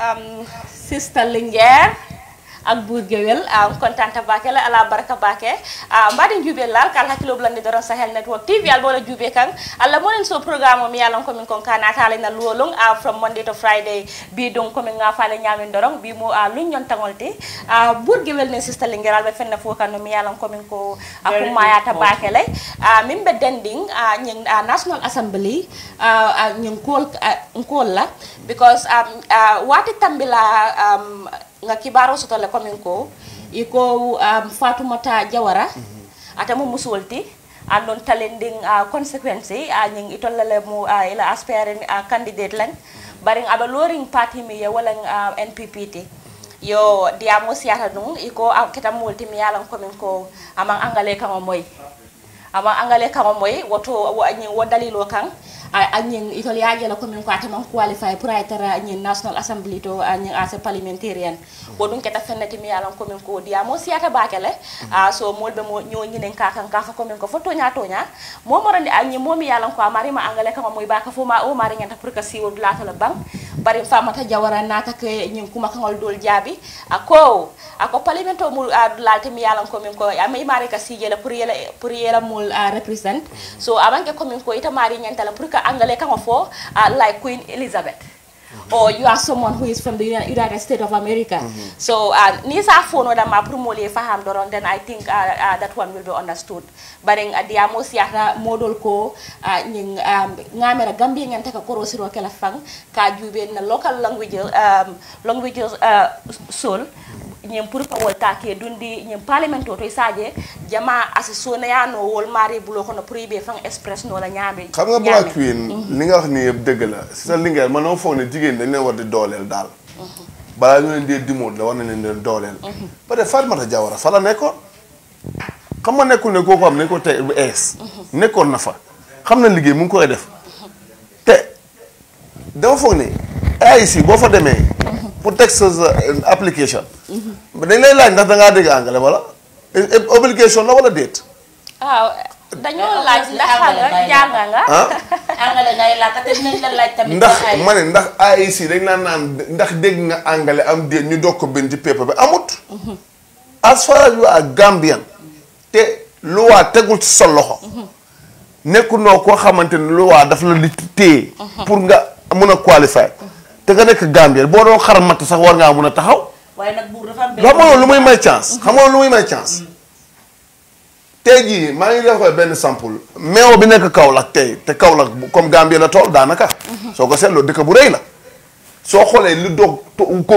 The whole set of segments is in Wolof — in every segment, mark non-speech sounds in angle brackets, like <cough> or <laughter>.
um, Sister Lingere, ak buur géwél ah, kontanta baake la ala baraka baake ah, mbaɗen juuɓel laal kala hakkilo ɓulande doron sahel network tv albola juuɓe kan allah monen so programme o mi yalan komin kon ka natale na luwolon ah, from monday to friday mbi ɗum komin gafale ñamin doron mbimo luññontagol te buur géwél nen sista linguiralɓe fenne fof kan no mi yalan komin ko kummayata baake lay min ɓe dendin ñin national assembly ñin kool la because nga kibaro sotolle komin ko iko um, fatoumata diawara mm -hmm. atamo musolti an ɗon talendin uh, conséquence uh, uh, a uh, ñin itollale mo uh, ila aspiré uh, candidate lan mm-hmm. barin aɓa lorin parti mi ye walan uh, nppt mm-hmm. yo diyamo siyata ɗum iko uh, ketamolti mi yalan komin ko aman angale kan o moy aman angale kan o moy woto ñin wo dalilo kan ñing itolia jela ko commune ko ate man qualify pour ay tara national assembly to anyen ase parliamentarian bo dun keta fenati mi yalan commune min ko dia mo siata bakele mm-hmm. a ah, so molbe mo nyo nyinen ka kan ka fa ko min ko foto nya to nya mo morande anyen momi yalan ko marima ma angale ka mo ibaka fo ma o mari ngenta pour ka si dulata la bank bari famata jawara nata ko ñin kuma kaŋol dol jaabi ako ako parlement o mul laalte mi yalan komin ko ama imari ka siijela pour yela pour yela mul represent so amanke komin ko ita mari ñantala pour que angale kaŋo fo like queen elizabeth or you are someone who is from the United States of America. Mm -hmm. So uh, nisa fono da ma promole faham doron then I think uh, uh, that one will be understood. But in the uh, amos yahra model ko uh, ning um, ngamera Gambia ngan taka koro siro kala fang ka jube na local language um, languages uh, soul. ñen pour pawol take dundi ñen parlemento to saje jama asi sona ya no wol mari bulo kono pour ibe fang express no la ñaabe xam nga black queen mhm. li nga wax ni yëpp dëgg la si sa lingeer man dama foog ne jigéen dañ leen war di dooleel daal mhm. balaa ñu leen dee dimoot la war nañ leen leen dooleel peut mhm. être Fatmata Jawara fa la nekkoon xam nga nekkul ne kooku am nañ ko tey bu ees nekkoon na fa xam na liggéey mu ngi koy def te dama foog ne AIC boo fa demee pour teg sa euh, application dañ lay laaj ndax da ngaa dégg anglais wala obligation la wala déet. waaw ah, dañoo laaj ndax jàng nga. Ah? <laughs> la ndax ma ne ndax dañ naan naan ndax dégg nga àngale am déet ñu doog ko bind ci bi amut. Mhm. as far as you are Gambian. te lu waa tegul ci sa loxo. Mhm. nekku noo koo xamante ni lu waa daf la di téye. Mhm. pour nga mun a qualifier. te nga nekk Gambien boo doon xar matt sax war ngaa mun a taxaw. waaye nag buur dafa am benn. lu muy may chance. Mm-hmm. xam nga lu muy may chance. Mm-hmm. tey jii maa ngi jox ko benn sample. meew bi nekk Kaolack tey te kaw Kaolack comme Gambie la tool daanaka. Mm-hmm. soo ko seetloo dëkk bu rëy la. soo xoolee lu doog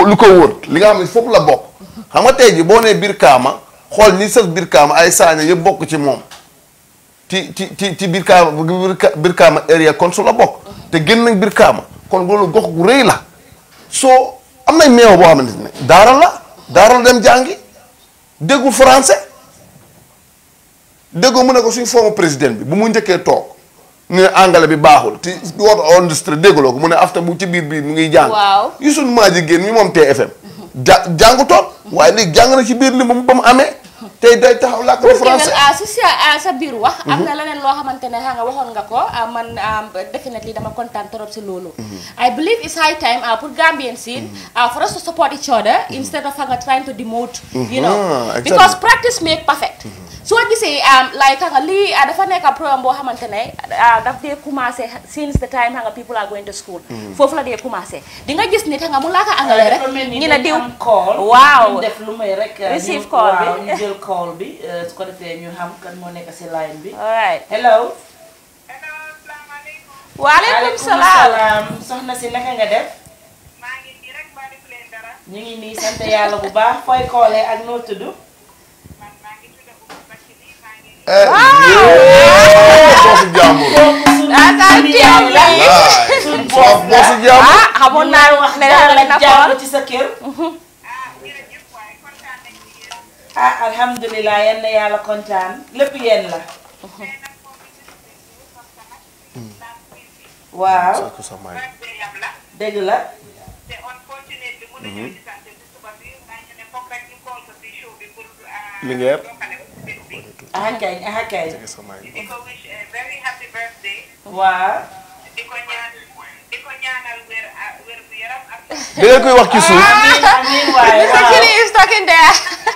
lu ko wër li nga xam ne foofu la bokk. xam nga tey jii boo nee biir Kaama xool ni sax biir Kaama ay saaña yëpp bokk ci moom. ti ci ci ci biir Kaama biir Kaama area kon su la bokk. te gën nañ biir Kaama kon loolu gox gu rëy la soo. am nañ meew boo xamante ne daara la daara la dem jàngi déggul français déggoo mu ne ko suñu former président bi bu mu njëkkee toog ne anglais bi baaxul te wooto industrie déggaloo ko mu ne afta bu ci biir bii mu ngi jàng yu suñ maa ji mi moom TFM ja jàngu toon waaye léegi jàng na ci biir li mu ba mu amee tey day taxaw làkk bu français si sa ah, bir wax. Mhm. am ah, na leneen lo xamantene ha nga waxon nga ko man ah, definitely dama contente trop ci lolu mhm. I believe it's high time pour Gambian scene mhm. for us to support each other instead of hanga trying to demote. you know because practice make perfect. So say um like nga li dafa nekk problème boo xamante ne daf dee commencer since the time nga people are going to school. fofu la dee commencer di nga gis nit nga mu ka angalé rek. def lu may rek receive call jël call bi uh, su ko defé ñu xam kan mo nekk ci line bi. alright hello. hello wa waaleykum salam soxna si naka nga def. ma ngi ni rek ba def leen dara. ñi ngi ni sante yalla bu baax fooy koolee ak noo tudd. Eh, eh, eh, ah, ah, ah na ah alhamdulilah yenn yàlla kontaan lépp yenn la hmm. waaw deug la hmm. Hmm. Linguère ah kay ah kay eh, waaw di nga ah, koy wax ci suuf. Ah, amiin amiin waay <laughs>